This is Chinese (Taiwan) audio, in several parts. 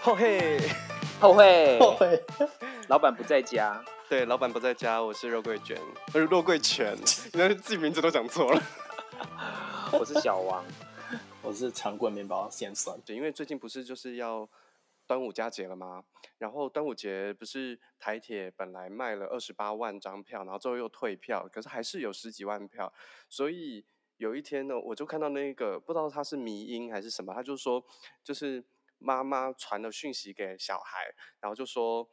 後嘿，後嘿，後嘿，老板不在家。 對，老板不在家，我是肉桂卷，不 是肉桂犬全， 你連自己名字都講錯了。 我是小王， 我是長棍麵包先生。對，因為最近不是就是要端午佳節了嗎？然後端午節不是台鐵本來賣了二十八萬張票，然後最後又退票，可是還是有十幾萬票。所以有一天呢，我就看到那個不知道他是迷因還是什麼，他就說就是。媽媽傳了訊息給小孩，然後就說：“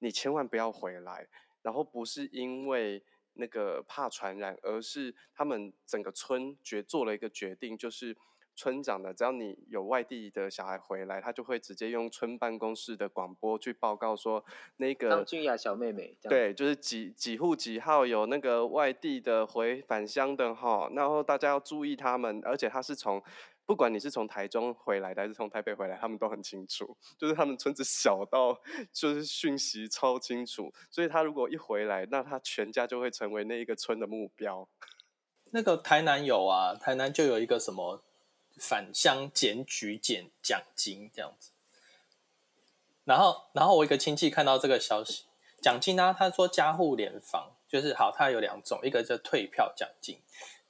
你千萬不要回來。”然後不是因為那個怕傳染，而是他們整個村決做了一個決定，就是村長的，只要你有外地的小孩回來，他就會直接用村辦公室的廣播去報告說：“那個張君雅小妹妹，對，就是幾幾戶幾號有那個外地的回返鄉的哈，然後大家要注意他們，而且他是從。”不管你是從台中回來的還是從台北回來，他們都很清楚，就是他們村子小到就是訊息超清楚，所以他如果一回來，那他全家就會成為那一個村的目標。那個台南有啊，台南就有一個什麼返鄉檢舉檢獎金這樣子。然後，然後我一個親戚看到這個消息，獎金呢、啊，他說家戶聯防就是好，它有兩種，一個叫退票獎金。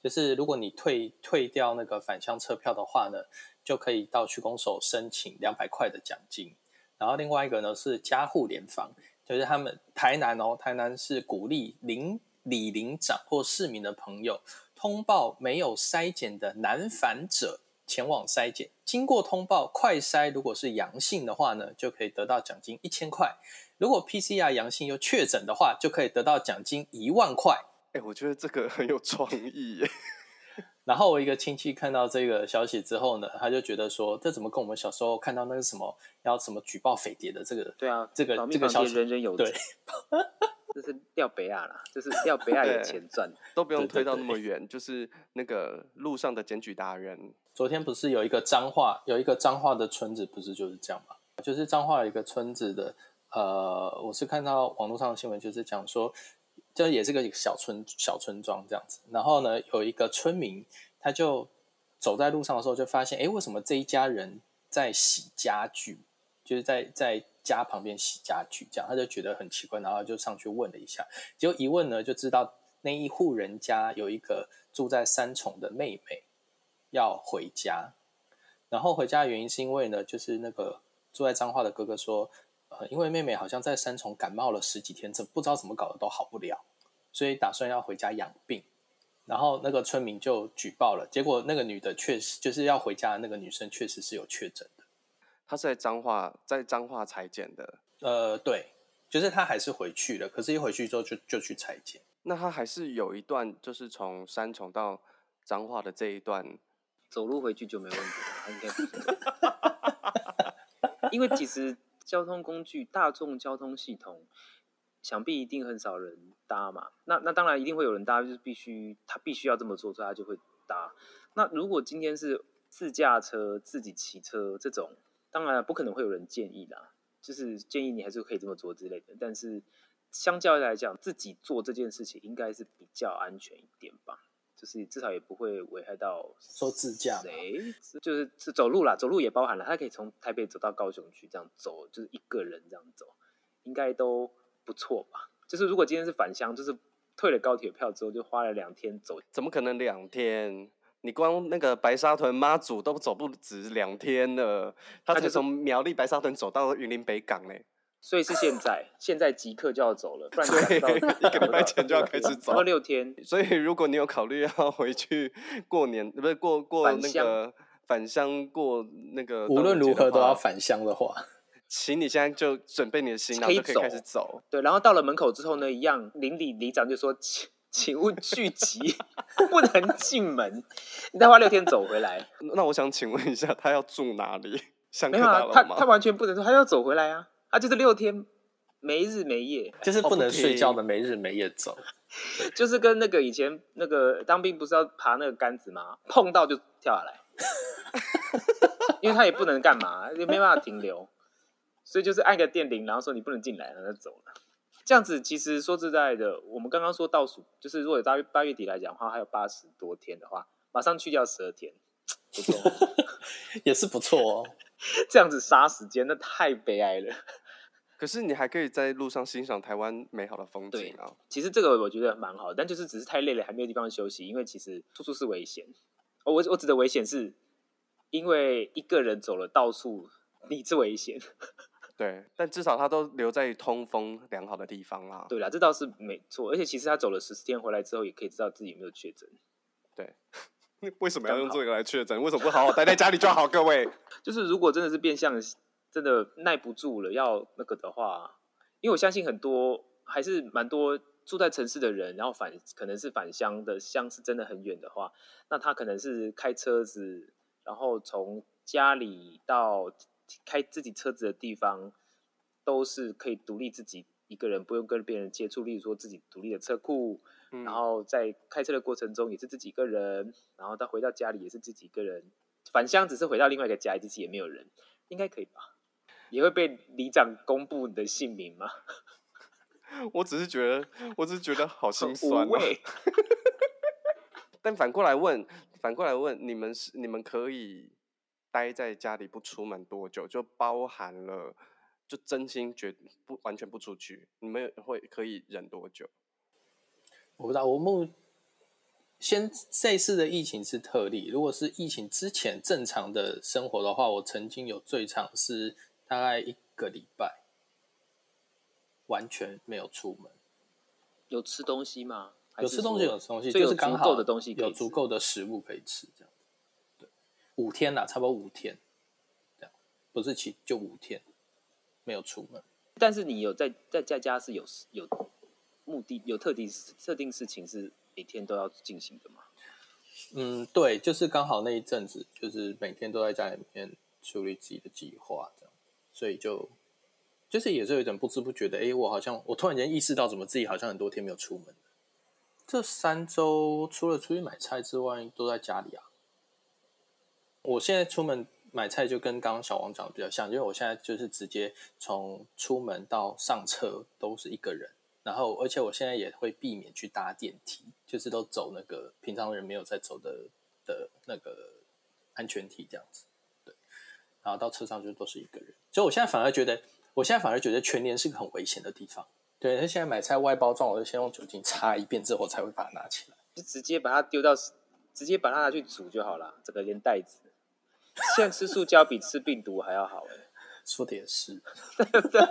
就是如果你退退掉那個返鄉車票的話呢，就可以到區公所申請兩百塊的獎金。然後另外一個呢是家戶聯防，就是他們台南哦，台南是鼓勵鄰，里鄰長或市民的朋友通報沒有篩檢的南返者前往篩檢。經過通報快篩如果是陽性的話呢，就可以得到獎金一千塊。如果 PCR 陽性又確診的話，就可以得到獎金一萬塊。哎、欸，我覺得這個很有創意耶。 然後我一個親戚看到這個消息之後呢，他就覺得說：“這怎麼跟我們小時候看到那個什麼要什麼舉報匪諜的這個？”對啊，這個這個消息人人有責 這是《掉北亞》啦，就 是吊亞《掉北亞》的前傳都不用推到那麼遠， 對對對就是那個路上的檢舉達人。 昨天不是有一個彰化，有一個彰化的村子，不是就是這樣嗎？就是彰化有一個村子的。呃，我是看到網路上的新聞，就是講說。就也是個小村小村莊這樣子，然後呢，有一個村民，他就走在路上的時候，就發現，誒、欸，為什麼這一家人在洗家具？就是在在家旁邊洗家具，這樣他就覺得很奇怪，然後就上去問了一下，結果一問呢，就知道那一戶人家有一個住在三重的妹妹要回家，然後回家的原因是因為呢，就是那個住在彰化的哥哥說。呃、因為妹妹好像在三重感冒了十幾天，這不知道怎麼搞的都好不了，所以打算要回家養病。然後那個村民就舉報了，結果那個女的確實就是要回家的那個女生確實是有確診的。她是在彰化，在彰化採檢的。呃，對，就是她還是回去了，可是一回去之後就就去採檢。那她還是有一段，就是從三重到彰化的這一段，走路回去就沒問題了，應該。 因為其實。交通工具，大眾交通系統，想必一定很少人搭嘛。那那當然一定會有人搭，就是必須他必須要這麼做，所以他就會搭。那如果今天是自駕車、自己騎車這種，當然不可能會有人建議啦，就是建議你還是可以這麼做之類的。但是，相較來講，自己做這件事情應該是比較安全一點吧。就是至少也不會危害到收支架，誰？就是是走路啦，走路也包含了，他可以從台北走到高雄去，這樣走就是一個人這樣走，應該都不錯吧？就是如果今天是返鄉，就是退了高鐵票之後，就花了兩天走，怎麼可能兩天？你光那個白沙屯媽祖都走不止兩天了，他就從苗栗白沙屯走到雲林北港呢、欸。所以是現在， 現在即刻就要走了，不然對一個禮拜前就要開始走。還 六天，所以如果你有考慮要回去過年，不是過過那個返鄉過那個，無論如何都要返鄉的話，請你現在就準備你的行囊就可以開始走，可以走。對，然後到了門口之後呢，一樣鄰里里長就說請請勿聚集， 不能進門。 你再花六天走回來。那我想請問一下，他要住哪裡？鄉嗎、啊？他他完全不能住，他要走回來啊？他、啊、就是六天，沒日沒夜，就是不能睡覺的，okay. 沒日沒夜走。就是跟那個以前那個當兵不是要爬那個桿子嗎？碰到就跳下來， 因為他也不能幹嘛， 也沒辦法停留，所以就是按個電鈴，然後說你不能進來了，然後就走了。這樣子其實說實在的，我們剛剛說倒數，就是如果八月八月底來講的話，還有八十多天的話，馬上去掉十二天，不錯， 也是不錯哦。 這樣子殺時間，那太悲哀了。可是你還可以在路上欣賞台灣美好的風景啊。其實這個我覺得蠻好，但就是只是太累了，還沒有地方休息。因為其實處處是危險、哦。我我指的危險是，因為一個人走了到處，你知危險。對，但至少他都留在通風良好的地方啦、啊。對啦，這倒是沒錯。而且其實他走了十四天回來之後，也可以知道自己有沒有確診。對。為什麼要用這個來確診？為什麼不好好待在家裡就好？ 各位，就是如果真的是變相，真的耐不住了要那個的話，因為我相信很多還是蠻多住在城市的人，然後返可能是返鄉的鄉是真的很遠的話，那他可能是開車子，然後從家裡到開自己車子的地方，都是可以獨立自己一個人不用跟別人接觸，例如說自己獨立的車庫。嗯、然後在開車的過程中也是自己一個人，然後到回到家裡也是自己一個人，返鄉只是回到另外一個家，自己也沒有人，應該可以吧？你會被里長公布你的姓名嗎？我只是覺得，我只是覺得好心酸，喔、 但反過來問，反過來問，你們是你們可以待在家裡不出門多久？就包含了，就真心覺得不完全不出去，你們會可以忍多久？我不知道，我們先這一次的疫情是特例。如果是疫情之前正常的生活的話，我曾經有最長是大概一個禮拜完全沒有出門。有吃東西嗎？有吃東西，有吃東西，就西、就是剛好的東西，有足夠的食物可以吃。這樣對，五天啦，差不多五天，這樣不是七就五天沒有出門。但是你有在在在家是有有。目的有特定設定事情是每天都要進行的嗎？嗯，對，就是剛好那一陣子，就是每天都在家裡面處理自己的計劃，這樣，所以就就是也是有點不知不覺的，哎、欸，我好像我突然間意識到，怎麼自己好像很多天沒有出門。這三周除了出去買菜之外，都在家裡啊。我現在出門買菜就跟剛剛小王講的比較像，因為我現在就是直接從出門到上車都是一個人。然後，而且我現在也會避免去搭電梯，就是都走那個平常人沒有在走的的那個安全梯這樣子。對，然後到車上就都是一個人。所以我現在反而覺得，我現在反而覺得全年是個很危險的地方。對，那現在買菜外包裝，我就先用酒精擦一遍之後，才會把它拿起來。就直接把它丟到，直接把它拿去煮就好了。這個連袋子，現在吃塑膠比吃病毒還要好哎。 說的也是。對 對，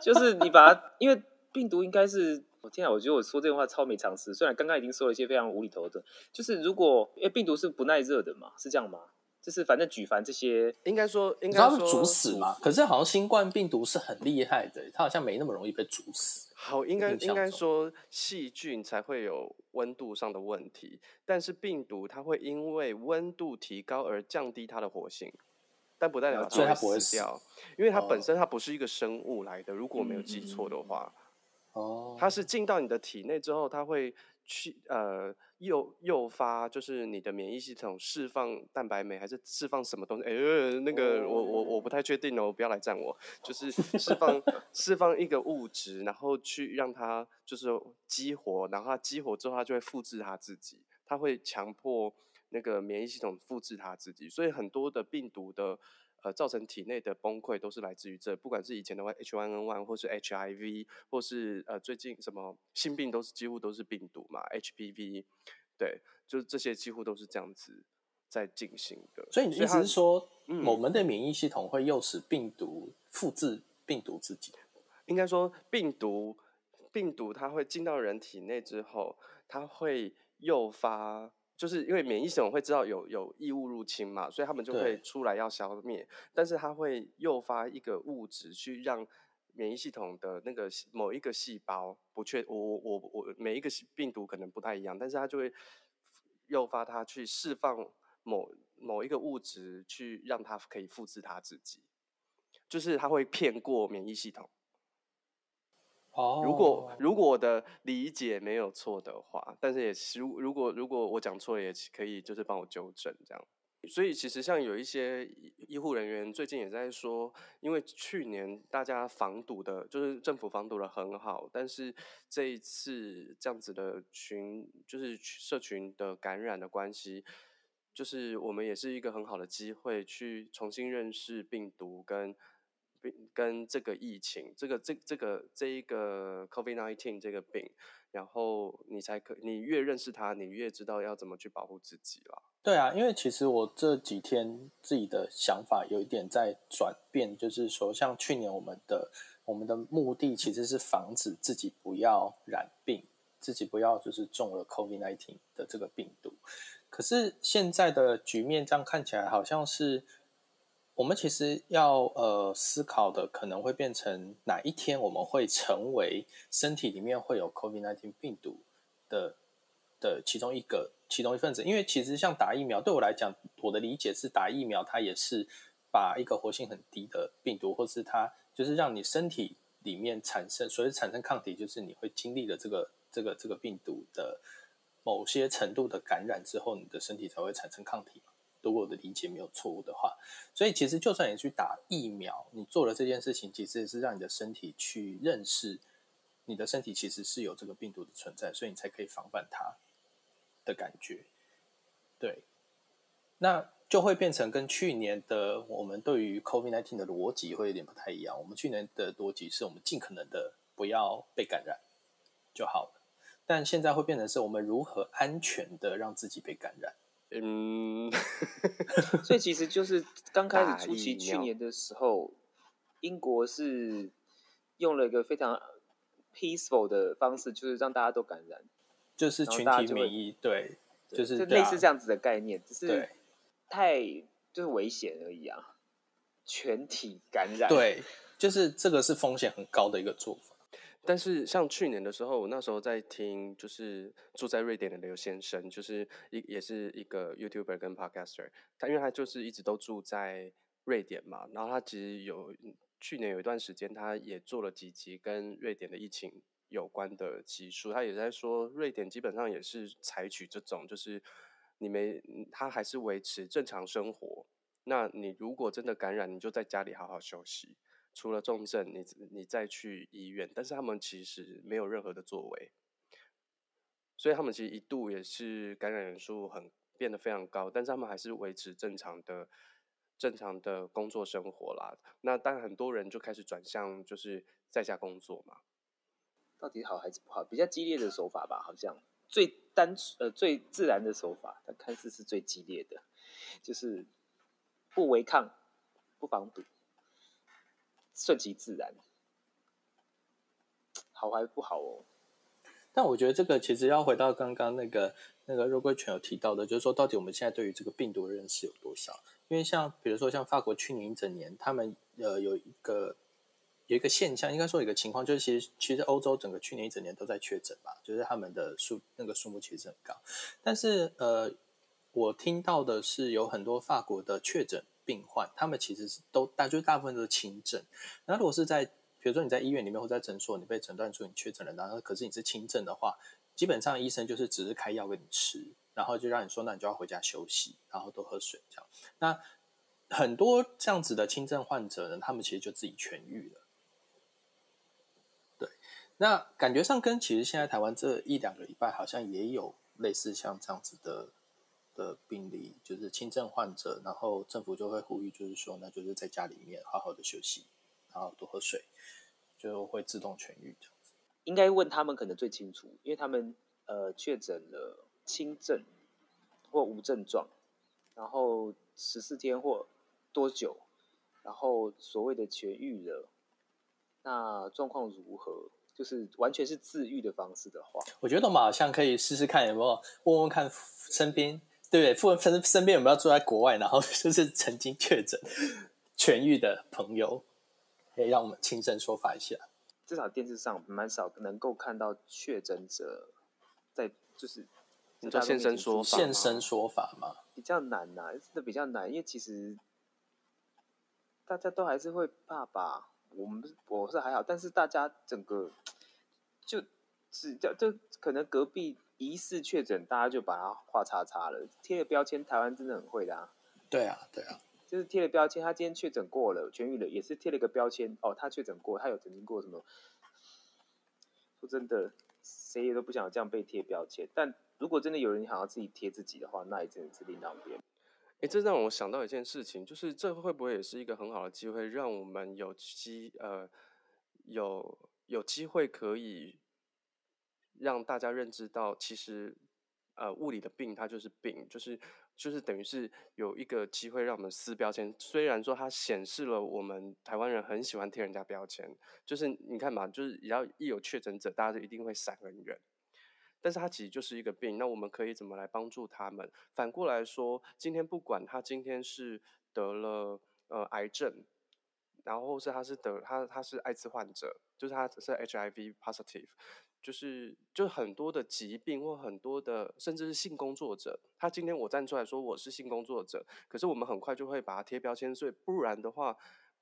就是你把它，因為。病毒應該是，我天啊，我覺得我說這個話超沒常識。雖然剛剛已經說了一些非常無厘頭的，就是如果因為、欸、病毒是不耐熱的嘛，是這樣嗎？就是反正舉凡這些，應該說應該是煮死嘛。可是好像新冠病毒是很厲害的、欸，它好像沒那麼容易被煮死。好，應該應該說，細菌才會有溫度上的問題，但是病毒它會因為溫度提高而降低它的活性，但不代表它，它不會死掉，因為它本身它不是一個生物來的。哦、如果沒有記錯的話。嗯嗯嗯哦、oh.，它是進到你的體內之後，它會去呃誘誘發，就是你的免疫系統釋放蛋白酶還是釋放什麼東西？哎、欸，那個我我我不太確定哦，不要來贊我，就是釋放釋、oh. 放一個物質，然後去讓它就是激活，然後它激活之後它就會複製它自己，它會強迫那個免疫系統複製它自己，所以很多的病毒的。呃，造成體內的崩潰都是來自於這，不管是以前的 H1N1，或是 HIV，或是呃最近什麼性病，都是幾乎都是病毒嘛，HPV，對，就是這些幾乎都是這樣子在進行的。所以你意思是說，我們、嗯、的免疫系統會誘使病毒複製病毒自己？應該說，病毒病毒它會進到人體內之後，它會誘發。就是因為免疫系統會知道有有異物入侵嘛，所以他們就會出來要消滅。但是它會誘發一個物質去讓免疫系統的那個某一個細胞不確，我我我我每一個病毒可能不太一樣，但是它就會誘發它去釋放某某一個物質去讓它可以複製它自己，就是它會騙過免疫系統。哦，如果如果我的理解沒有錯的話，但是也是如如果如果我講錯了，也可以就是幫我糾正這樣。所以其實像有一些醫護人員最近也在說，因為去年大家防堵的，就是政府防堵得很好，但是這一次這樣子的群就是社群的感染的關係，就是我們也是一個很好的機會去重新認識病毒跟。跟這個疫情，這個這這個這一個 COVID-19 這個病，然後你才可，你越認識它，你越知道要怎麼去保護自己了。對啊，因為其實我這幾天自己的想法有一點在轉變，就是說，像去年我們的我們的目的其實是防止自己不要染病，自己不要就是中了 COVID-19 的這個病毒。可是現在的局面這樣看起來，好像是。我們其實要呃思考的，可能會變成，哪一天我們會成為身體裡面會有 COVID-19 病毒的的其中一個、其中一份子。因為其實像打疫苗，對我來講，我的理解是打疫苗它也是把一個活性很低的病毒，或是它就是讓你身體裡面產生，所以產生抗體，就是你會經歷了這個、這個、這個病毒的某些程度的感染之後，你的身體才會產生抗體。如果我的理解沒有錯誤的話，所以其實就算你去打疫苗，你做了這件事情，其實也是讓你的身體去認識你的身體其實是有這個病毒的存在，所以你才可以防範它的感覺。對，那就會變成跟去年的我們對於 COVID-19 的邏輯會有點不太一樣。我們去年的邏輯是我們盡可能的不要被感染就好了，但現在會變成是我們如何安全的讓自己被感染。嗯， 所以其實就是剛開始初期去年的時候，英國是用了一個非常 peaceful 的方式，就是讓大家都感染，就是群體免疫，對，就是就類似這樣子的概念，只是就是太就是危險而已啊，全體感染，對，就是這個是風險很高的一個做法。但是，像去年的時候，我那時候在聽，就是住在瑞典的劉先生，就是一也是一個 YouTuber 跟 Podcaster。他因為他就是一直都住在瑞典嘛，然後他其實有去年有一段時間，他也做了幾集跟瑞典的疫情有關的集數。他也在說，瑞典基本上也是採取這種，就是你沒他還是維持正常生活。那你如果真的感染，你就在家裡好好休息。除了重症，你你再去醫院，但是他們其實沒有任何的作為，所以他們其實一度也是感染人數很變得非常高，但是他們還是維持正常的正常的工作生活啦。那當然很多人就開始轉向，就是在家工作嘛。到底好還是不好？比較激烈的手法吧，好像最單純呃最自然的手法，它看似是最激烈的，就是不違抗，不防堵。順其自然，好還不好哦？但我覺得這個其實要回到剛剛那個那個肉桂犬有提到的，就是說到底我們現在對於這個病毒的認識有多少？因為像比如說像法國去年一整年，他們呃有一個有一個現象，應該說有一個情況，就是其實其實歐洲整個去年一整年都在確診嘛，就是他們的數那個數目其實很高。但是呃，我聽到的是有很多法國的確診。病患，他們其實是都大，就大部分都是輕症。那如果是在，比如說你在醫院裡面或在診所，你被診斷出你確診了，然後可是你是輕症的話，基本上醫生就是只是開藥給你吃，然後就讓你說，那你就要回家休息，然後多喝水這樣。那很多這樣子的輕症患者呢，他們其實就自己痊癒了。對，那感覺上跟其實現在台灣這一兩個禮拜好像也有類似像這樣子的的病例。就是輕症患者，然後政府就會呼籲，就是說，那就是在家裡面好好的休息，然後多喝水，就會自動痊癒。應該問他們可能最清楚，因為他們呃確診了輕症或無症狀，然後十四天或多久，然後所謂的痊癒了，那狀況如何？就是完全是治癒的方式的話，我覺得我們好像可以試試看，有沒有問問看身邊。對，父母身邊有沒有住在國外，然後就是曾經確診痊癒的朋友，可以讓我們親身說法一下。至少電視上蠻少能夠看到確診者在，就是你就現身說法現身說法嘛，比較難吶、啊，真的比較難，因為其實大家都還是會怕吧。我們我是還好，但是大家整個就只叫，就可能隔壁，疑似確診，大家就把它畫叉叉了，貼了標籤。台灣真的很會的啊！對啊，對啊，就是貼了標籤。他今天確診過了，痊癒了，也是貼了一個標籤哦。他確診過，他有曾經過什麼？說真的，誰也都不想這樣被貼標籤。但如果真的有人想要自己貼自己的話，那也只能是另當別。哎，這讓我想到一件事情，就是這會不會也是一個很好的機會，讓我們有機呃有有機會可以。讓大家認知到，其實，呃，物理的病它就是病，就是就是等於是有一個機會讓我們撕標籤。雖然說它顯示了我們台灣人很喜歡貼人家標籤，就是你看嘛，就是只要一有確診者，大家就一定會閃很遠。但是它其實就是一個病。那我們可以怎麼來幫助他們？反過來說，今天不管他今天是得了呃癌症，然後是他是得他他是艾滋患者，就是他是 HIV positive。就是，就很多的疾病或很多的，甚至是性工作者。他今天我站出來說我是性工作者，可是我們很快就會把他貼標籤。所以不然的話，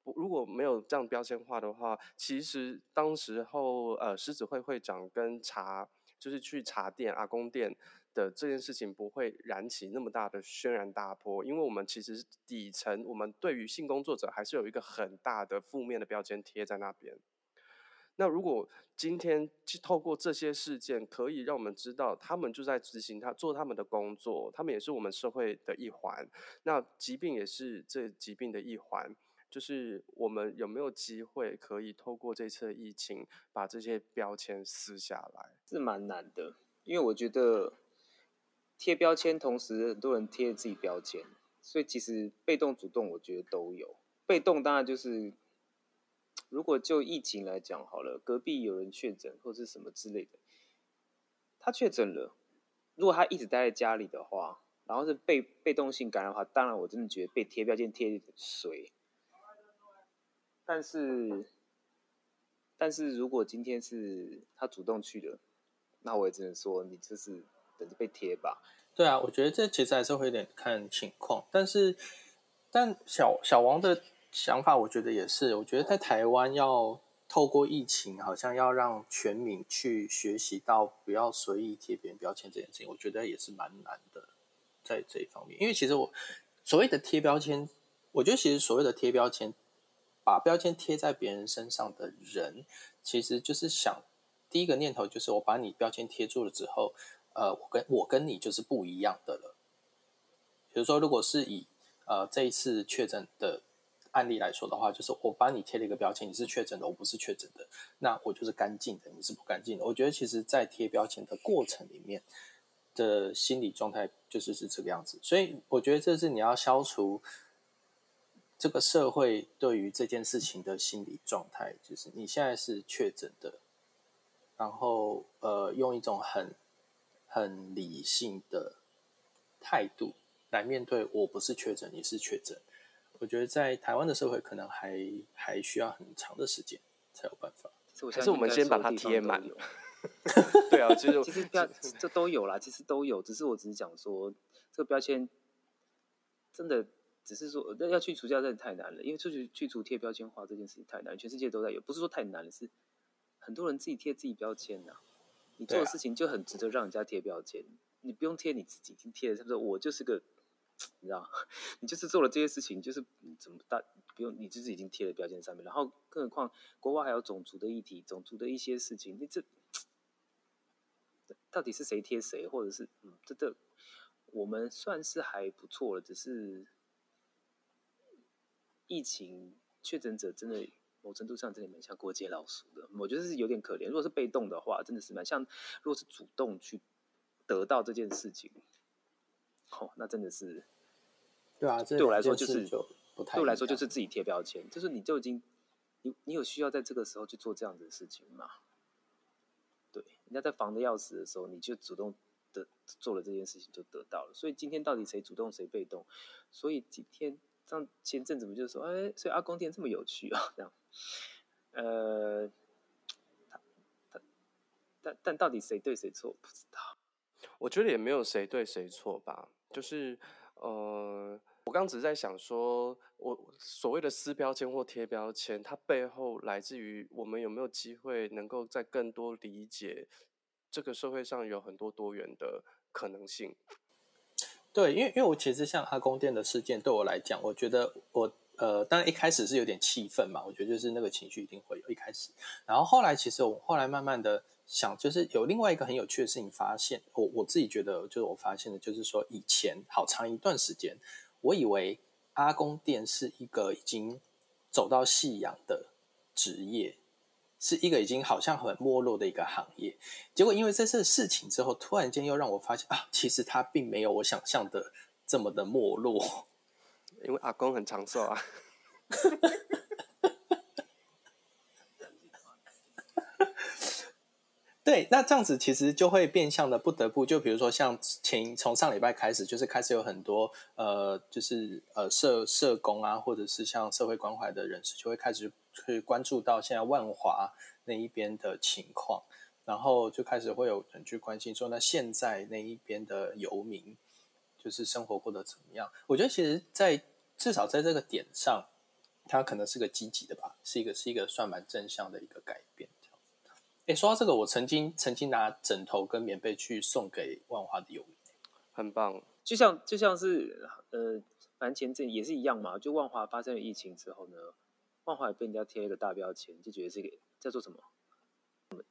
不，如果沒有這樣標籤化的話，其實當時候呃獅子會會長跟茶，就是去茶店阿公店的這件事情不會燃起那麼大的軒然大波，因為我們其實底層我們對於性工作者還是有一個很大的負面的標籤貼在那邊。那如果今天去透過這些事件，可以讓我們知道，他們就在執行他做他們的工作，他們也是我們社會的一環。那疾病也是這疾病的一環，就是我們有沒有機會可以透過這次疫情，把這些標籤撕下來？是蠻難的，因為我覺得貼標籤，同時很多人貼自己標籤，所以其實被動、主動，我覺得都有。被動當然就是。如果就疫情來講好了，隔壁有人確診或是什麼之類的，他確診了，如果他一直待在家裡的話，然後是被被動性感染的話，當然我真的覺得被貼標籤貼水。但是，但是如果今天是他主動去的，那我也只能說你就是等着被貼吧。對啊，我覺得這其實還是會有點看情況，但是，但小小王的。想法我覺得也是，我覺得在台灣要透過疫情，好像要讓全民去學習到不要隨意貼別人標籤這件事情，我覺得也是蠻難的在這一方面。因為其實我所謂的貼標籤，我覺得其實所謂的貼標籤，把標籤貼在別人身上的人，其實就是想第一個念頭就是我把你標籤貼住了之後，呃，我跟我跟你就是不一樣的了。比如說，如果是以呃這一次確診的。案例來說的話，就是我幫你貼了一個標籤，你是確診的，我不是確診的，那我就是乾淨的，你是不乾淨的。我覺得其實，在貼標籤的過程裡面的心理狀態，就是是這個樣子。所以，我覺得這是你要消除這個社會對於這件事情的心理狀態，就是你現在是確診的，然後呃，用一種很很理性的態度來面對，我不是確診，你是確診。我覺得在台灣的社會，可能還還需要很長的時間才有辦法。還是我們先把它貼滿了。對啊，其實其實標這都有啦，其實都有。只是我只是講說，這個標籤真的只是說，要去除掉真的太難了。因為出去去除貼標籤化這件事情太難，全世界都在有，不是說太難了，是很多人自己貼自己標籤吶。你做的事情就很值得讓人家貼標籤，啊，你不用貼你自己，已經貼了，是不是？我就是個。你知道，你就是做了這些事情，就是怎麼大不用，你就是已經貼在標籤上面。然後，更何況國外還有種族的議題，種族的一些事情，你這到底是誰貼誰，或者是嗯，這這我們算是還不錯了。只是疫情確診者真的某程度上真的蠻像過街老鼠的，我覺得是有點可憐。如果是被動的話，真的是蠻像；如果是主動去得到這件事情，好、哦，那真的是。對吧、啊？對我來說就是，對我來說就是自己貼標籤，就是你就已經，你你有需要在這個時候去做這樣子的事情嗎？對，人家在防的要死的時候，你就主動的做了這件事情，就得到了。所以今天到底誰主動誰被動？所以今天像前陣子，不就說，哎，所以阿公店這麼有趣啊、哦，這樣。呃，但但到底誰對誰錯，我不知道。我覺得也沒有誰對誰錯吧，就是呃。我剛只是在想說，我所謂的撕標籤或貼標籤，它背後來自於我們有沒有機會能夠在更多理解這個社會上有很多多元的可能性。對，因為因為我其實像阿公店的事件，對我來講，我覺得我呃，當然一開始是有點氣憤嘛，我覺得就是那個情緒一定會有，一開始。然後後來其實我後來慢慢的想，就是有另外一個很有趣的事情發現，我我自己覺得就是我發現的，就是說以前好長一段時間。我以為阿公店是一個已經走到夕陽的職業，是一個已經好像很沒落的一個行業。結果因為這次事情之後，突然間又讓我發現啊，其實他並沒有我想象的這麼的沒落，因為阿公很長壽啊。 對，那這樣子其實就會變相的不得不，就比如說像前，從上禮拜開始，就是開始有很多呃，就是呃社社工啊，或者是像社會關懷的人士，就會開始去關注到現在萬華那一邊的情況，然後就開始會有人去關心說，那現在那一邊的遊民就是生活過得怎麼樣？我覺得其實在，在至少在這個點上，它可能是個積極的吧，是一個是一個算蠻正向的一個改變。哎，說到這個，我曾經曾經拿枕頭跟棉被去送給萬華的友誼、欸、很棒。就像就像是呃，反正前陣也是一樣嘛。就萬華發生了疫情之後呢，萬華也被人家貼一個大標籤，就覺得這個叫做什麼？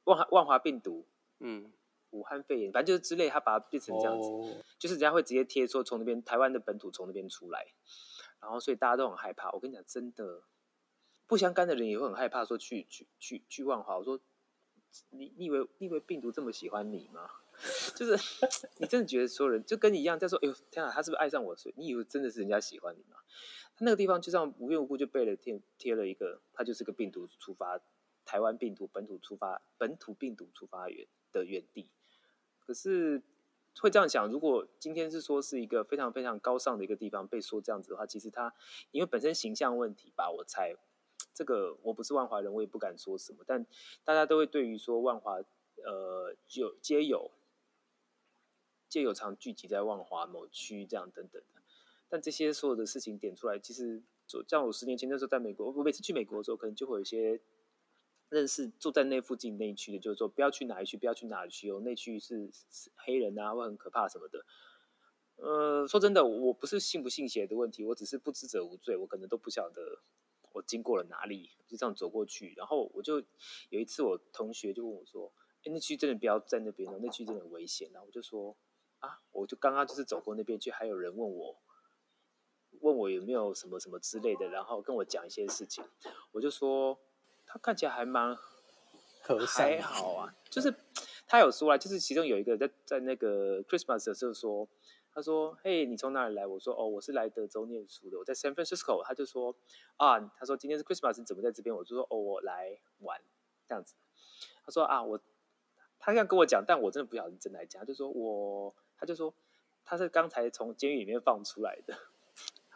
萬華萬華病毒，嗯，武漢肺炎，反正就是之類，他把它變成這樣子，哦、就是人家會直接貼說從那邊台灣的本土從那邊出來，然後所以大家都很害怕。我跟你講，真的，不相干的人也會很害怕，說去去去去萬華，我說。你你以為你以為病毒這麼喜歡你嗎？就是你真的覺得所有人就跟你一樣在說，哎呦天啊，他是不是愛上我？所以你以為真的是人家喜歡你嗎？他那個地方就這樣無緣無故就被了貼貼了一個，他就是個病毒觸發台灣病毒本土觸發本土病毒觸發源的原地。可是會這樣想，如果今天是說是一個非常非常高尚的一個地方被說這樣子的話，其實他因為本身形象問題吧，我猜。這個我不是萬華人，我也不敢說什麼。但大家都會對於說萬華，呃，有街友，街友常聚集在萬華某區這樣等等的。但這些所有的事情點出來，其實就像我十年前那時候在美國，我每次去美國的時候，可能就會有一些認識住在那附近那一區的，就是說不要去哪一區，不要去哪一區哦，那區是黑人啊，會很可怕什麼的。呃，說真的，我不是信不信邪的問題，我只是不知者無罪，我可能都不曉得。我經過了哪裡，就這樣走過去。然後我就有一次，我同學就問我說：“哎，那區真的不要在那邊呢，那區真的很危險。”然後我就說：“啊，我就剛剛就是走過那邊去，還有人問我，問我有沒有什麼什麼之類的，然後跟我講一些事情。”我就說：“他看起來還蠻和善的，還好啊，就是。”他有說啊，就是其中有一個在在那個 Christmas 的時候說，他說：“嘿、hey,，你從哪裡來？”我說：“哦、oh,，我是來德州念書的，我在 San Francisco。”他就說：“啊、ah,，他說今天是 Christmas，你怎麼在這邊？”我就說：“哦、oh,，我來玩這樣子。”他說：“啊、ah,，我他這樣跟我講，但我真的不曉得你真來講，就說我他就說,他,就說他是剛才從監獄裡面放出來的。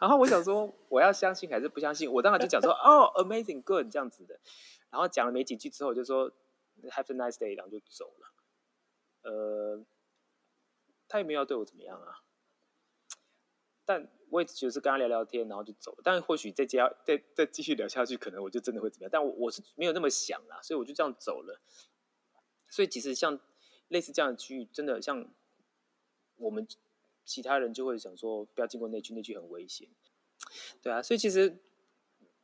然後我想說 我要相信還是不相信？我當然就講說哦、oh,，amazing good 這樣子的。然後講了沒幾句之後，我就說 Have a nice day，然後就走了。”呃，他也沒有要對我怎麼樣啊，但我也只是跟他聊聊天，然後就走了。但或許再加再再繼續聊下去，可能我就真的會怎麼樣，但我我是沒有那麼想啦，所以我就這樣走了。所以其實像類似這樣的區域，真的像我們其他人就會想說，不要經過那區，那區很危險，對啊。所以其實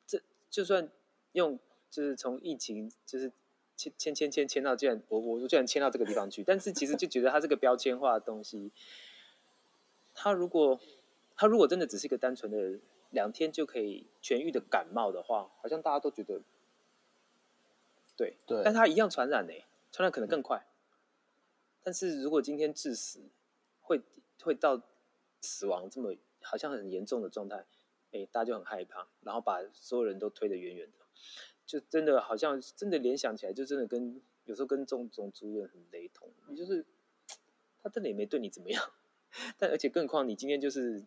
這就算用，就是從疫情，就是。簽簽簽簽到居然，我我我居然簽到這個地方去，但是其實就覺得他這個標籤化的東西，他如果他如果真的只是一個單純的兩天就可以痊癒的感冒的話，好像大家都覺得，對對，但他一樣傳染嘞、欸，傳染可能更快、嗯。但是如果今天致死，會會到死亡這麼好像很嚴重的狀態，哎、欸，大家就很害怕，然後把所有人都推得遠遠的。就真的好像真的聯想起來，就真的跟有時候跟這種這種主任很雷同，你就是他真的也沒對你怎麼樣，但而且更何況你今天就是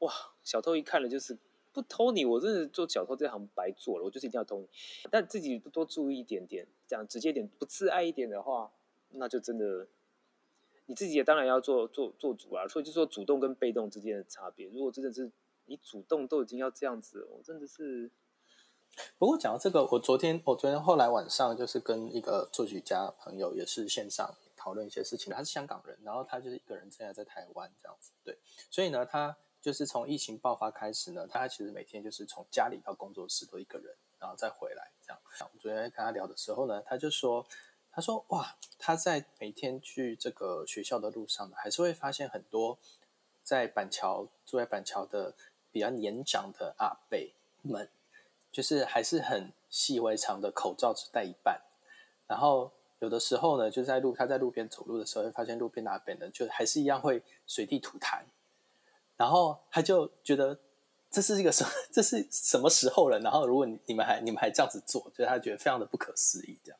哇，小偷一看了就是不偷你，我真的做小偷這行白做了，我就是一定要偷你。但自己多注意一點點，這樣直接一點不自愛一點的話，那就真的你自己也當然要做做做主啊。所以就說主動跟被動之間的差別，如果真的是你主動都已經要這樣子，我真的是。不過講到這個，我昨天我昨天後來晚上就是跟一個作曲家朋友也是線上討論一些事情。他是香港人，然後他就是一個人現在在台灣這樣子，對。所以呢，他就是從疫情爆發開始呢，他其實每天就是從家裡到工作室都一個人，然後再回來這樣。我昨天跟他聊的時候呢，他就說，他說哇，他在每天去這個學校的路上呢，還是會發現很多在板橋住在板橋的比較年長的阿伯們。嗯就是還是很細微長的口罩，只戴一半。然後有的時候呢，就在路他在路邊走路的時候，會發現路邊那邊呢，就還是一樣會隨地吐痰。然後他就覺得這是一個什麼，這是什麼時候了？然後如果你們還你們還這樣子做，就他覺得非常的不可思議。這樣，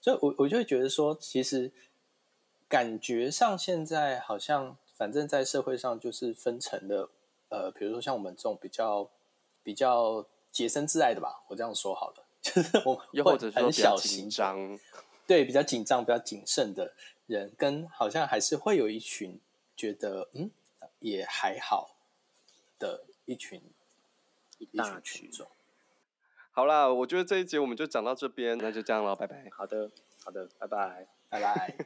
所以我我就會覺得說，其實感覺上現在好像反正在社會上就是分層的。呃，比如說像我們這種比較比較。潔身自愛的吧，我這樣說好了，就是我或者很小心髒，對，比較緊張、比較謹慎的人，跟好像還是會有一群覺得嗯也還好的一群，群一大群，群。好啦，我覺得這一集我們就講到這邊，那就這樣囉，拜拜。好的，好的，拜拜，拜拜。